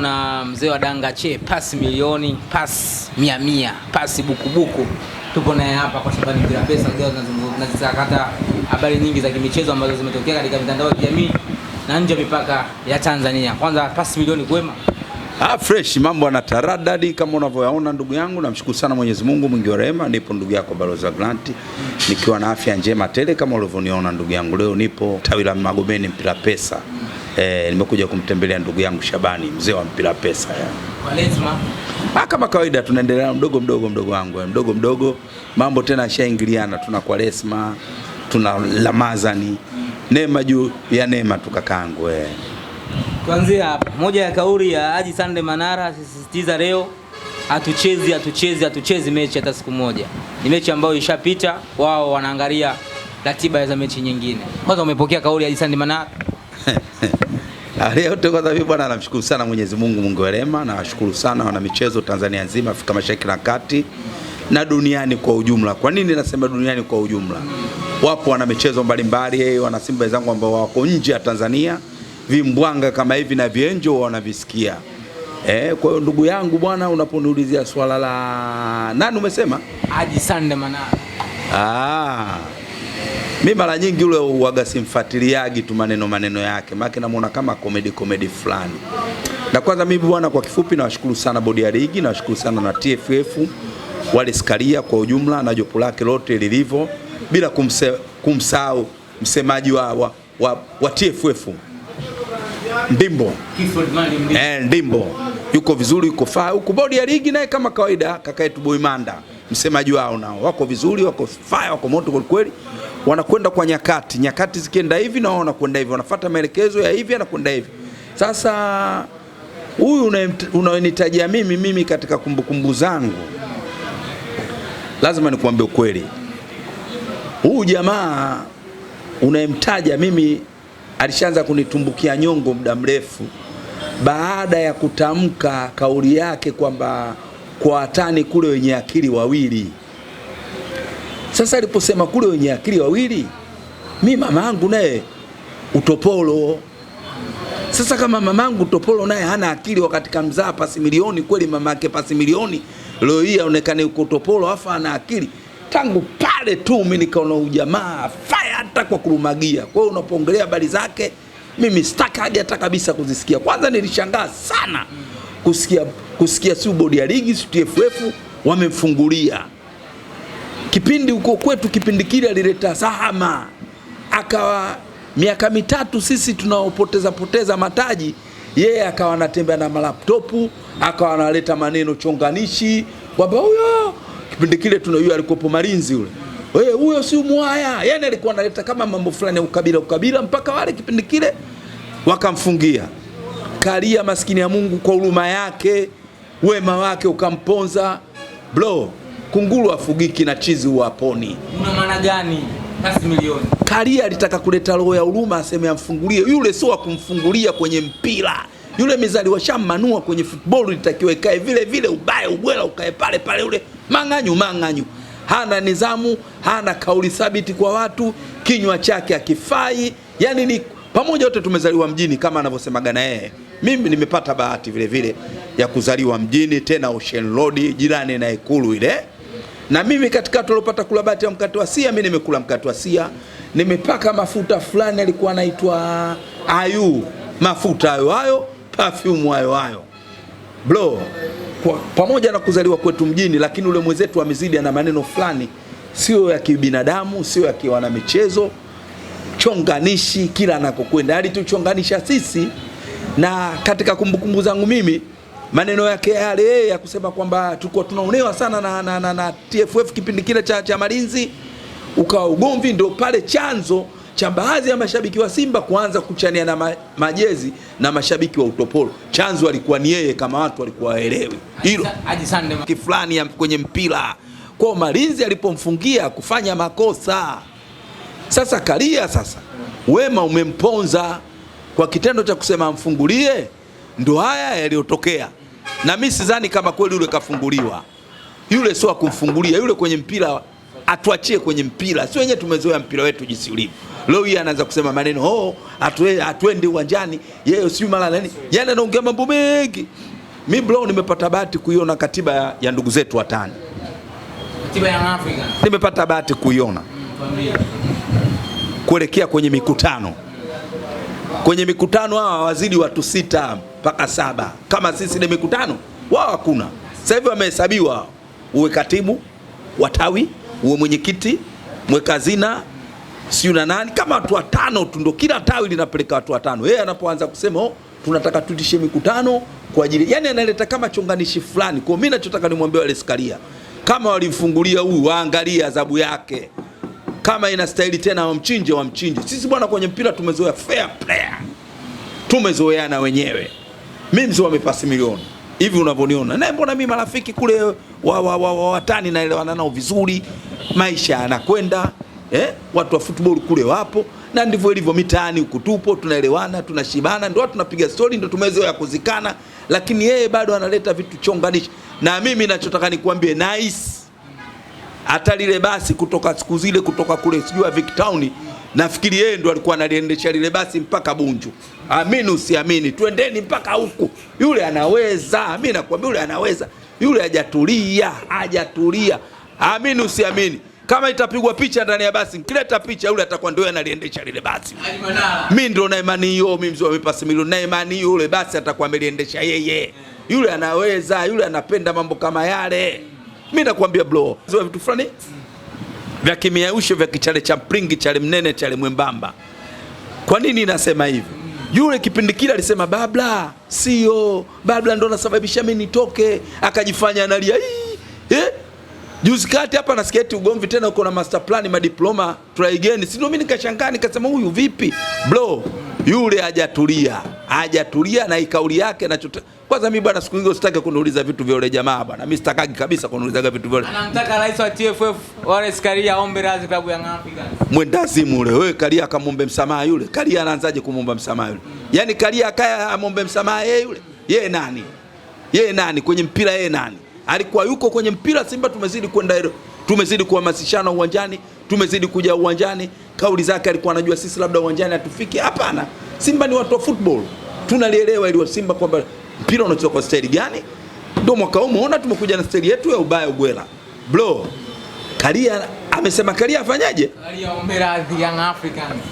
na mzee wa danga che pasi milioni pasi mia mia pasi bukubuku, tupo naye hapa kwa sababu bila pesa. Leo tunazikata habari nyingi za kimichezo ambazo zimetokea katika mitandao ya kijamii na nje ya mipaka ya Tanzania. Kwanza pasi milioni kwema, ah, fresh mambo ana taradadi kama unavyoyaona ndugu yangu, namshukuru sana Mwenyezi Mungu mwingi wa rehema. Nipo ndugu yako Baroza Grant nikiwa na afya njema tele kama ulivyoniona ndugu yangu. Leo nipo tawi la Magomeni mpira pesa mm eh, nimekuja kumtembelea ndugu yangu Shabani mzee wa mpira pesa yani. Ah, kama kawaida tunaendelea mdogo mdogo mdogo wangu eh, mdogo mdogo mambo tena ashaingiliana, tuna Kwaresma tuna Lamazani, neema juu ya neema tukakaangu eh. Kuanzia hapa moja ya kauli ya Haji Sande Manara sisitiza leo hatuchezi hatuchezi hatuchezi mechi hata siku moja. Ni mechi ambayo ishapita, wao wanaangalia ratiba za mechi nyingine. Kwanza umepokea kauli ya Haji Sande Manara? Hali yote bwana, namshukuru sana Mwenyezi Mungu Mungu wa rehema, na washukuru sana wana michezo Tanzania nzima, Afrika Mashariki na Kati na duniani kwa ujumla. Kwa nini nasema duniani kwa ujumla? Wapo wana michezo mbalimbali, eh, wana Simba wenzangu ambao wako nje ya Tanzania, vimbwanga kama hivi na vienjo wanavisikia. Eh, kwa hiyo ndugu yangu bwana, unaponiulizia swala la nani umesema? Haji Sande Manara. Ah mi mara nyingi ule uwaga simfuatiliagi tu maneno maneno yake, maana namuona kama komedi komedi fulani. Na kwanza mimi bwana, kwa kifupi, nawashukuru sana bodi ya ligi, nawashukuru sana na TFF wale Skaria kwa ujumla na jopo lake lote lilivyo, bila kumsahau msemaji wa, wa, wa, wa TFF Ndimbo eh, Ndimbo yuko vizuri, yuko faa huku. Bodi ya ligi naye kama kawaida, kaka yetu Boimanda msemaji wao nao wako vizuri, wako faa, wako moto kwelikweli kweli wanakwenda kwa nyakati, nyakati zikienda hivi na wao wanakwenda hivi, wanafuata maelekezo ya hivi anakwenda hivi. Sasa huyu unayenitajia mimi, mimi katika kumbukumbu zangu, lazima nikuambie ukweli, huyu jamaa unayemtaja mimi alishaanza kunitumbukia nyongo muda mrefu baada ya kutamka kauli yake kwamba kwa watani kule wenye akili wawili sasa aliposema kule wenye akili wawili, mi mamangu naye utopolo. Sasa kama mamangu utopolo naye hana akili, wakati kamzaa pasi milioni kweli, mamake pasi milioni, leo hii aonekane uko utopolo afa ana akili. Tangu pale tu mimi nikaona ujamaa faya hata kwa kurumagia. Kwa hiyo unapoongelea habari zake mimi sitaki hadi hata kabisa kuzisikia. Kwanza nilishangaa sana kusikia kusikia, si bodi ya ligi si TFF wamemfungulia Kipindi huko kwetu, kipindi kile alileta zahama, akawa miaka mitatu sisi tunaopoteza poteza mataji, yeye akawa anatembea na malaptopu, akawa analeta maneno chonganishi kwamba huyo, kipindi kile tunayo, alikopo malinzi ule wewe huyo si mwaya. Yani alikuwa analeta kama mambo fulani ya ukabila ukabila, mpaka wale kipindi kile wakamfungia kalia maskini ya Mungu, kwa huruma yake wema wake ukamponza bro kunguru afugiki na chizi huwaponi. Una maana gani? Kasi milioni. Karia alitaka kuleta roho ya huruma, aseme amfungulie yule, sio wa kumfungulia kwenye mpira yule mizali washammanua kwenye football, litakiwa ikae vile vile, ubaye ubwela ukae pale pale, ule mang'anyu mang'anyu. Hana nizamu, hana kauli thabiti kwa watu, kinywa chake akifai. Yani ni pamoja, wote tumezaliwa mjini kama anavyosemaga na yeye. Mimi nimepata bahati vile vile ya kuzaliwa mjini, tena Ocean Road, jirani na Ikulu ile na mimi katika waliopata kula bahati ya mkate wa sia, mimi nimekula mkate wa sia, nimepaka mafuta fulani alikuwa anaitwa ayu, mafuta hayo hayo, perfume hayo hayo bro, kwa pamoja na kuzaliwa kwetu mjini, lakini ule mwenzetu amezidi, ana maneno fulani sio ya kibinadamu, sio ya kiwana michezo chonganishi, kila anakokwenda alituchonganisha sisi, na katika kumbukumbu zangu mimi maneno yake yale eh, ya kusema kwamba tulikuwa tunaonewa sana na, na, na, na TFF kipindi kile cha, cha Malinzi, ukawa ugomvi, ndio pale chanzo cha baadhi ya mashabiki wa Simba kuanza kuchania na majezi na mashabiki wa utopolo. Chanzo alikuwa ni yeye, kama watu walikuwa waelewi hilo kifulani kwenye mpira kwa Malinzi alipomfungia kufanya makosa sasa, kalia sasa, Wema umemponza kwa kitendo cha kusema amfungulie, ndo haya yaliyotokea na mimi sidhani kama kweli yule kafunguliwa. Yule sio akumfungulia yule, kwenye mpira atuachie kwenye mpira, si wenyewe tumezoea mpira wetu jinsi ulivyo. Leo yeye anaanza kusema maneno oh, hatuendi uwanjani, yeye sio mara nani, yani anaongea mambo mengi. Mi bro, nimepata bahati kuiona katiba ya ndugu zetu watani, katiba ya Afrika nimepata bahati kuiona kuelekea kwenye mikutano, kwenye mikutano hawa wazidi watu sita mpaka saba kama sisi ni mikutano, wao hakuna. Sasa hivi wamehesabiwa, uwe katibu watawi, uwe mwenyekiti, mwekazina si una nani, kama watu watano tu, ndo kila tawi linapeleka watu watano. Yeye anapoanza kusema oh, tunataka tuitishe mikutano kwa ajili yani, analeta kama chonganishi fulani. Kwa mimi nachotaka nimwambie wale askaria, kama walimfungulia huyu, waangalie adhabu yake kama inastahili tena, wamchinje, wamchinje. Sisi bwana, kwenye mpira tumezoea fair play, tumezoeana wenyewe mimi mzee amepasi milioni hivi unavyoniona naye, mbona mimi marafiki kule wa, wa, wa, wa watani naelewana nao vizuri, maisha yanakwenda eh? Watu wa football kule wapo, na ndivyo ilivyo mitaani huku, tupo tunaelewana, tunashibana, ndio tunapiga stori, ndio tumezoea kuzikana, lakini yeye bado analeta vitu chonganishi, na mimi nachotaka nikuambie nice hata lile basi kutoka siku zile kutoka kule sijua Vic Town, nafikiri yeye ndo alikuwa analiendesha lile basi mpaka Bunju. Amini usiamini, twendeni mpaka huku. Yule anaweza, mimi nakwambia, yule anaweza, yule hajatulia, hajatulia. Amini usiamini, kama itapigwa picha ndani ya basi, nikileta picha yule atakuwa ndio analiendesha lile basi. Mimi ndo na imani hiyo, mimi mzee wa mipasi milioni na imani yule basi atakuwa ameliendesha yeye. Yule anaweza, yule anapenda mambo kama yale. Mimi nakwambia bro, sio vitu fulani vya kimiausho vya kichale cha mpringi, chale mnene, chale mwembamba. Kwa nini nasema hivi? Yule kipindi kile alisema babla sio babla, ndo nasababisha mi nitoke, akajifanya analia hii Juzi kati hapa nasikia eti ugomvi tena, uko na master plan, madiploma try again, si ndio? Mimi nikashangaa nikasema, huyu vipi bro? yule hajatulia, hajatulia na kauli yake na chuta. Kwanza mimi bwana, siku hizo sitaki kuniuliza vitu vya yule jamaa bwana, mimi sitakagi kabisa kuniuliza vitu vya yule. Anamtaka rais wa TFF Wallace Karia aombe radhi klabu ya Ngapi gani? Mwendazimu yule, wewe Karia akamwombe msamaha yule. Karia anaanzaje kumwomba msamaha yule? Yaani Karia akaya amwombe msamaha yeye yule. Yeye nani? Yeye nani kwenye mpira yeye nani? Alikuwa yuko kwenye mpira Simba tumezidi kwenda hilo. Tumezidi kuhamasishana uwanjani, tumezidi kuja uwanjani, kauli zake alikuwa anajua sisi labda uwanjani hatufiki. Hapana, Simba ni watu wa football, tunalielewa ili wa Simba kwamba mpira unachezwa kwa staili gani. Ndio mwaka huu umeona tumekuja na staili yetu ya ubaya ugwela bro. Kalia amesema Kalia afanyaje? Kalia ombe radhi Young Africans.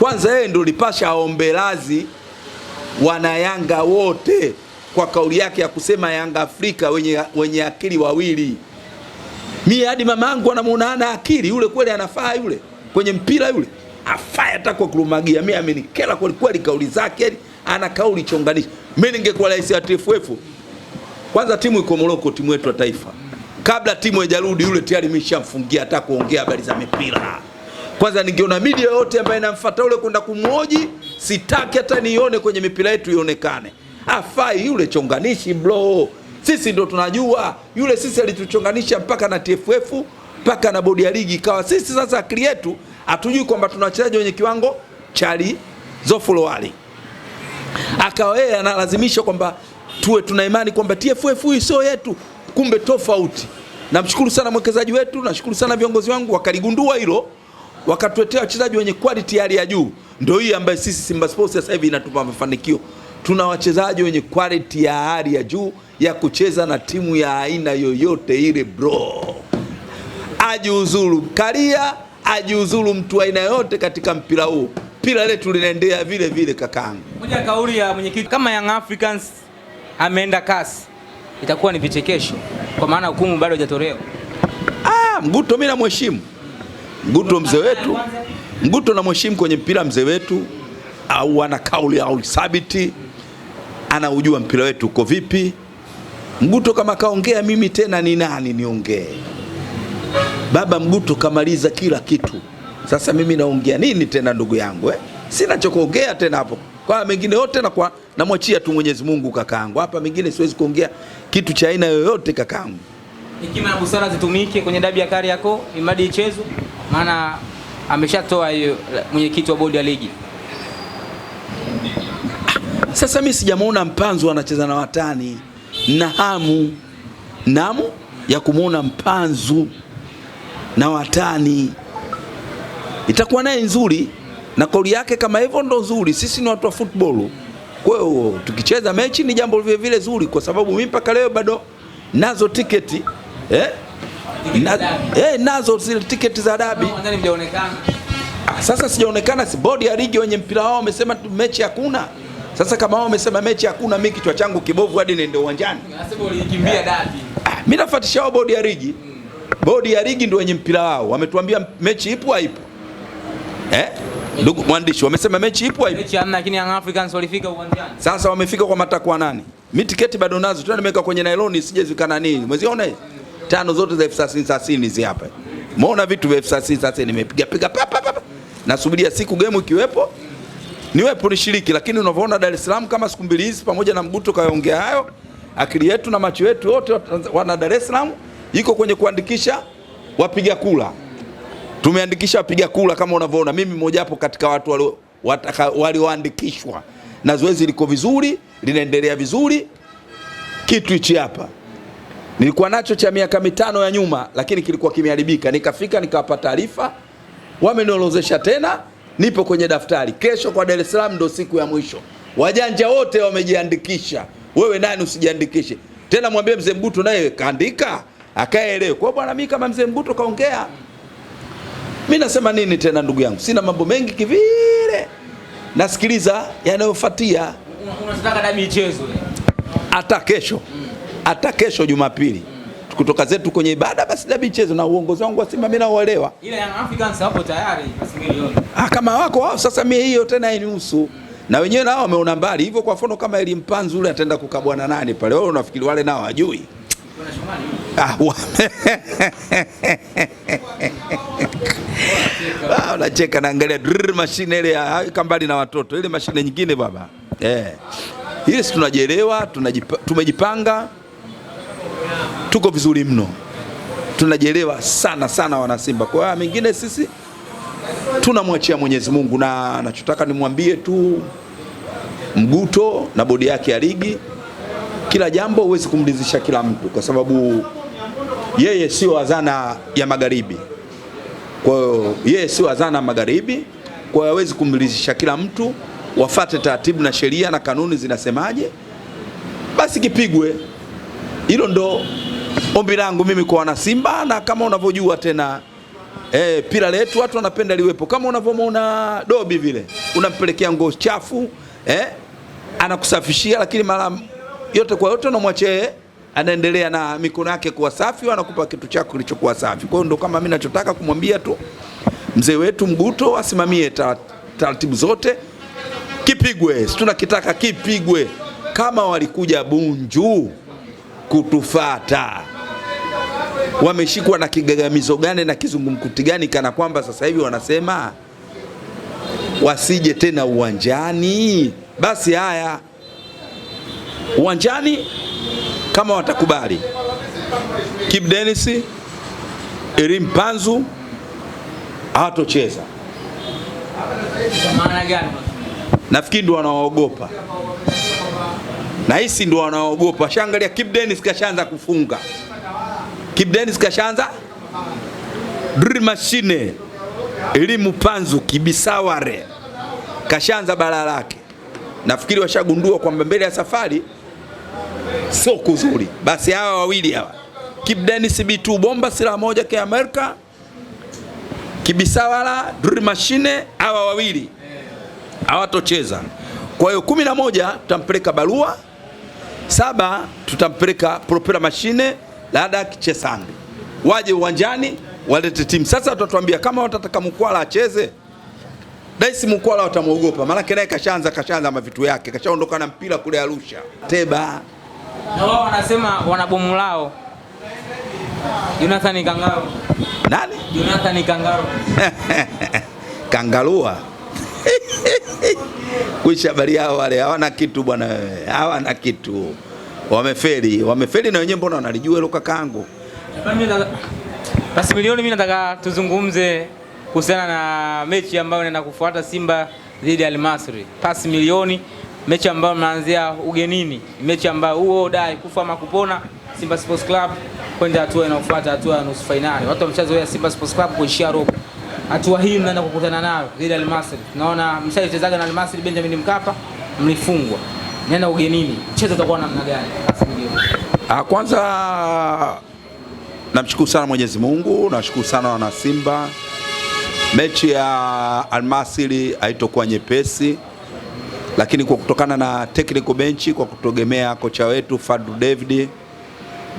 Kwanza yeye ndio lipasha aombe radhi wana Yanga wote kwa kauli yake ya kusema Yanga Afrika wenye, wenye akili wawili. Mimi hadi mamangu anamuona ana akili yule, kweli anafaa yule? kwenye mpira yule afaya hata kwa kulumagia. Mimi amenikela kweli kweli, kauli zake ana kauli chonganishi. Mimi ningekuwa rais wa TFF, kwanza timu iko Moroko, timu yetu ya taifa, kabla timu haijarudi yule tayari nimeshamfungia hata kuongea habari za mipira. Kwanza ningeona media yote ambayo inamfuata yule kwenda kumhoji, sitaki hata nione kwenye mipira yetu ionekane. Afai yule chonganishi bro, sisi ndo tunajua yule, sisi alituchonganisha mpaka na TFF mpaka na bodi ya ligi ikawa sisi sasa akili yetu hatujui kwamba tuna wachezaji wenye kiwango cha Zofulo ali akawa yeye analazimisha kwamba tuwe tuna imani kwamba TFF hii sio yetu, kumbe tofauti. Namshukuru sana mwekezaji wetu, nashukuru sana viongozi wangu wakaligundua hilo, wakatuletea wachezaji wenye quality hali ya juu. Ndio hii ambayo sisi Simba Sports sasa hivi inatupa mafanikio. Tuna wachezaji wenye quality ya hali ya juu ya kucheza na timu ya aina yoyote ile bro ajiuzulu. Karia, ajiuzulu, mtu aina yote katika mpira huu. Mpira letu linaendea vile vile. Kakaangu, moja kauli ya mwenyekiti, kama Young Africans ameenda kasi itakuwa ni vichekesho, kwa maana hukumu bado haijatolewa. Ah, Mguto mimi namheshimu Mguto, mzee wetu Mguto na mheshimu kwenye mpira, mzee wetu au ana kauli au thabiti, anaujua mpira wetu uko vipi. Mguto kama kaongea, mimi tena ni nani niongee? Baba Mguto kamaliza kila kitu. Sasa mimi naongea nini tena ndugu yangu eh? Sina cha kuongea tena hapo. Kwa mengine yote na kwa namwachia tu Mwenyezi Mungu kakaangu. Hapa mengine siwezi kuongea kitu cha aina yoyote kakaangu. Hekima ya busara zitumike kwenye dabi ya Kariakoo, imadi ichezo maana ameshatoa hiyo mwenyekiti wa bodi ya ligi. Sasa mimi sijamwona Mpanzu anacheza na watani na hamu namu ya kumwona Mpanzu na watani, itakuwa naye nzuri na kauli yake kama hivyo ndo nzuri. Sisi ni watu wa football, kwa hiyo tukicheza mechi ni jambo vile vile zuri, kwa sababu mimi mpaka leo bado nazo tiketi eh? Na, eh, nazo zile tiketi za dabi ah, sasa sijaonekana. Si bodi ya ligi wenye mpira wao wamesema mechi hakuna. Sasa kama wao wamesema mechi hakuna, mimi kichwa changu kibovu hadi niende uwanjani. Eh. Ah, mimi nafuatisha bodi ya ligi. Bodi ya ligi ndio wenye mpira wao, wametuambia mechi ipo haipo eh? Ndugu mwandishi, wamesema mechi ipo haipo, mechi hamna, lakini Young Africans walifika uwanjani. Sasa wamefika kwa matakwa nani? Mimi tiketi bado nazo, tena nimeweka kwenye nailoni sije zikana nini, mweziona hizi tano zote za elfu thelathini thelathini hizi hapa, muona vitu vya elfu thelathini thelathini nimepiga piga pa pa pa, nasubiria siku game ikiwepo niwepo nishiriki, lakini unavyoona Dar es Salaam kama siku mbili hizi, pamoja na Mguto kaongea hayo, akili yetu na macho yetu wote wana Dar es Salaam iko kwenye kuandikisha wapiga kula. Tumeandikisha wapiga kula kama unavyoona, mimi hapo katika watu walioandikishwa, na zoezi liko vizuri, linaendelea vizuri. Kitu hichi hapa nilikuwa nacho cha miaka mitano ya nyuma, lakini kilikuwa kimeharibika. Nikafika nikawapa taarifa, wameniorozesha tena, nipo kwenye daftari. Kesho kwa Dar es Salaam ndo siku ya mwisho, wajanja wote wamejiandikisha. Wewe nani usijiandikishe tena? Mwambie mzee naye kaandika akaelewe. Kwa bwana, mimi kama mzee mbuto kaongea, mimi nasema nini tena ndugu yangu? Sina mambo mengi kivile, nasikiliza yanayofuatia. Unataka dami ichezwe hata kesho, hata kesho Jumapili kutoka zetu kwenye ibada basi dabi icheze, na uongozi wangu wa Simba mimi naoelewa, ile Young Africans hapo tayari basi milioni ah, kama wako wao sasa, mimi hiyo tena inihusu na wenyewe nao wameona mbali hivyo. Kwa mfano kama Elimpanzu yule ataenda kukabwana nani pale, wewe unafikiri wale nao hajui Ah, ah, unacheka naangalia mashine ile ya kambali na watoto, ile mashine nyingine baba eh. Ile si tunajelewa, tumejipanga, tuko vizuri mno, tunajelewa sana sana wanasimba. Kwa hiyo ah, mengine sisi tunamwachia Mwenyezi Mungu, na anachotaka nimwambie tu Mguto na bodi yake ya ligi, kila jambo huwezi kumridhisha kila mtu, kwa sababu yeye sio hazana ya magharibi, kwa hiyo yeye sio hazana ya magharibi, kwa hiyo hawezi kumridhisha kila mtu. Wafate taratibu na sheria na kanuni zinasemaje, basi kipigwe. Hilo ndo ombi langu mimi kwa wanasimba, na kama unavyojua tena E, pira letu watu wanapenda liwepo, kama unavyomwona Dobi vile, unampelekea nguo chafu eh, anakusafishia, lakini mara yote kwa yote unamwachia eh, anaendelea na mikono yake kuwa safi, anakupa kitu chako kilichokuwa safi. Kwa hiyo ndo kama mimi nachotaka kumwambia tu mzee wetu Mguto asimamie taratibu zote, kipigwe, si tunakitaka kipigwe. Kama walikuja Bunju kutufata wameshikwa na kigagamizo gani na kizungumkuti gani, kana kwamba sasa hivi wanasema wasije tena uwanjani? Basi haya uwanjani kama watakubali Kibu Dennis Elim Panzu hatocheza. Maana gani? Nafikiri ndio wanaogopa, nahisi ndo wanaogopa. Shangalia Kibu Dennis kashaanza kufunga, Kibu Dennis kashaanza drill machine, Elim Panzu kibisaware kashaanza balaa lake. Nafikiri washagundua kwamba mbele ya safari sio kuzuri. Basi hawa wawili hawa Kip Denis B2 bomba silaha moja kwa Amerika, Kibisawala drill machine, hawa wawili hawatocheza. Kwa hiyo kumi na moja tutampeleka Barua, saba tutampeleka Propera machine Ladak Chesambi, waje uwanjani walete timu. Sasa tutatuambia kama watataka Mkwala acheze Daisi Mkwala watamwogopa, maanake naye kashaanza kashaanza mavitu yake, kashaondoka na mpira kule Arusha teba na wao wanasema wana bomu lao. Jonathan Kangaro. Nani? Jonathan Kangaro. Kangarua. Kuisha habari yao wale, hawana kitu bwana wewe. Hawana kitu. Wamefeli, wamefeli na wenyewe mbona wanalijua hilo kakaangu? Basi milioni mimi nataka tuzungumze kuhusiana na mechi ambayo inaenda kufuata Simba dhidi ya Almasri. Pasi milioni mechi ambayo mnaanzia ugenini, mechi ambayo huo dai kufa ama kupona. Simba Sports Club kwenda hatua inayofuata, hatua ya nusu fainali. Watu wameshazoea Simba Sports Club kuishia robo. Hatua hii mnaenda kukutana nayo dhidi ya Al Tunaona mshaichezaga na Almasri Benjamin Mkapa, mlifungwa. Nenda ugenini, mchezo utakuwa namna gani? Ah, kwanza namshukuru sana Mwenyezi Mungu, nashukuru sana wana Simba. Mechi ya Al haitokuwa nyepesi lakini kwa kutokana na technical bench, kwa kutegemea kocha wetu Fadru David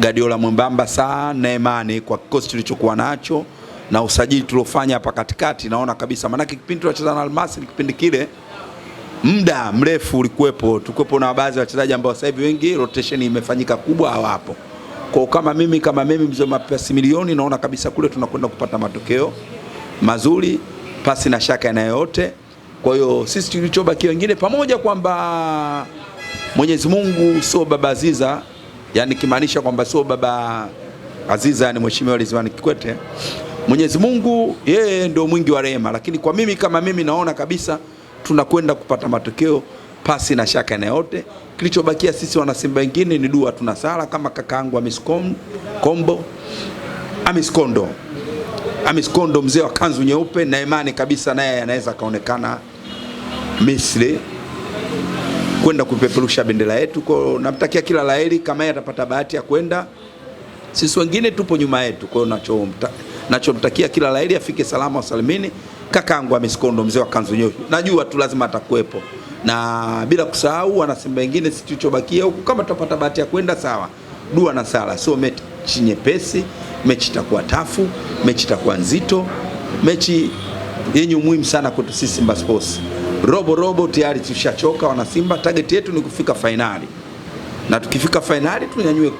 Guardiola mwembamba sana imani kwa kikosi tulichokuwa nacho na usajili tuliofanya hapa katikati, naona kabisa maanake kipindi tunacheza na Almasi kipindi kile muda mrefu ulikuwepo, tulikuwepo na baadhi ya wachezaji ambao sasa hivi wengi rotation imefanyika kubwa, hawapo. Kwa kama mimi kama mimi mzee mapasi milioni, naona kabisa kule tunakwenda kupata matokeo mazuri pasi na shaka na kwa hiyo sisi tulichobaki wengine, pamoja kwamba Mwenyezi Mungu sio baba Aziza, yani kimaanisha kwamba sio baba Aziza yani Mheshimiwa Ridhiwani Kikwete. Mwenyezi Mungu yeye ndio mwingi wa rehema, lakini kwa mimi kama mimi naona kabisa tunakwenda kupata matokeo pasi na shaka na yote. Kilichobakia sisi wanasimba wengine ni dua, tuna sala kama kakaangu Amis Kombo, Amiskondo, mzee wa kanzu nyeupe, na imani kabisa naye anaweza akaonekana Misri kwenda kupeperusha bendera yetu. Kwa namtakia kila laheri, kama yeye atapata bahati ya kwenda, sisi wengine tupo nyuma yetu. Kwa nachomta nachomtakia kila laheri, afike salama wasalimini kakaangu Amesikondo, mzee wa kanzu nyeusi, najua tu lazima atakuwepo, na bila kusahau wanasimba wengine, sisi tulichobakia huku, kama tutapata bahati ya kwenda, sawa. Dua na sala, sio mechi nyepesi. Mechi itakuwa tafu, mechi itakuwa nzito, mechi yenye umuhimu sana kwetu sisi Simba Sports robo robo tayari tushachoka wanasimba. Target yetu ni kufika fainali, na tukifika fainali tunyanyue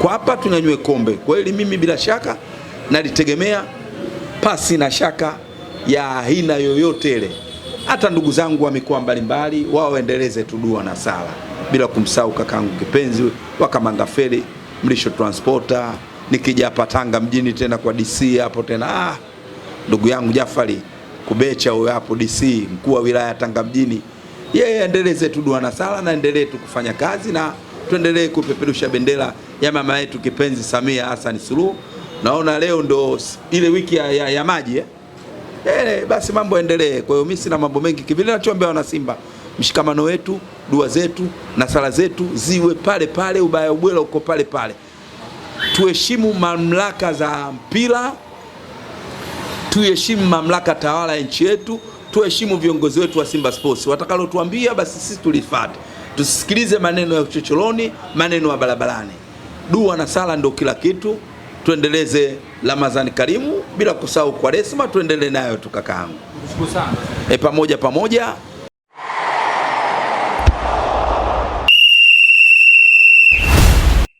kwa hapa, tunyanyue kombe. Kwa hiyo mimi bila shaka nalitegemea pasi na shaka ya aina yoyote ile. Hata ndugu zangu wa mikoa mbalimbali wao waendeleze tu dua na sala, bila kumsahau kakangu kipenzi wa Kamanga Feri Mlisho Transporter. Nikija hapa Tanga mjini tena kwa DC hapo tena, ah, ndugu yangu Jafari Kubecha huyo hapo DC, mkuu wa wilaya Tanga mjini, yeye aendeleze tu dua na sala na endelee tu kufanya kazi na tuendelee kupeperusha bendera ya mama yetu kipenzi Samia Hassan Suluhu. Naona leo ndo ile wiki ya, ya, ya maji eh? Eh, basi mambo endelee. Kwa hiyo mimi sina mambo mengi kivile, nachoombea wana Simba mshikamano wetu, dua zetu na sala zetu ziwe pale pale, ubaya ubwela uko pale pale. Tuheshimu mamlaka za mpira tuiheshimu mamlaka tawala ya nchi yetu, tuheshimu viongozi wetu wa Simba Sports. Watakalotuambia basi sisi tulifuate, tusikilize maneno ya uchocholoni maneno ya barabarani. Dua na sala ndio kila kitu. Tuendeleze Ramadhani Karimu, bila kusahau Kwaresma tuendelee nayo tukakaangu e, pamoja pamoja.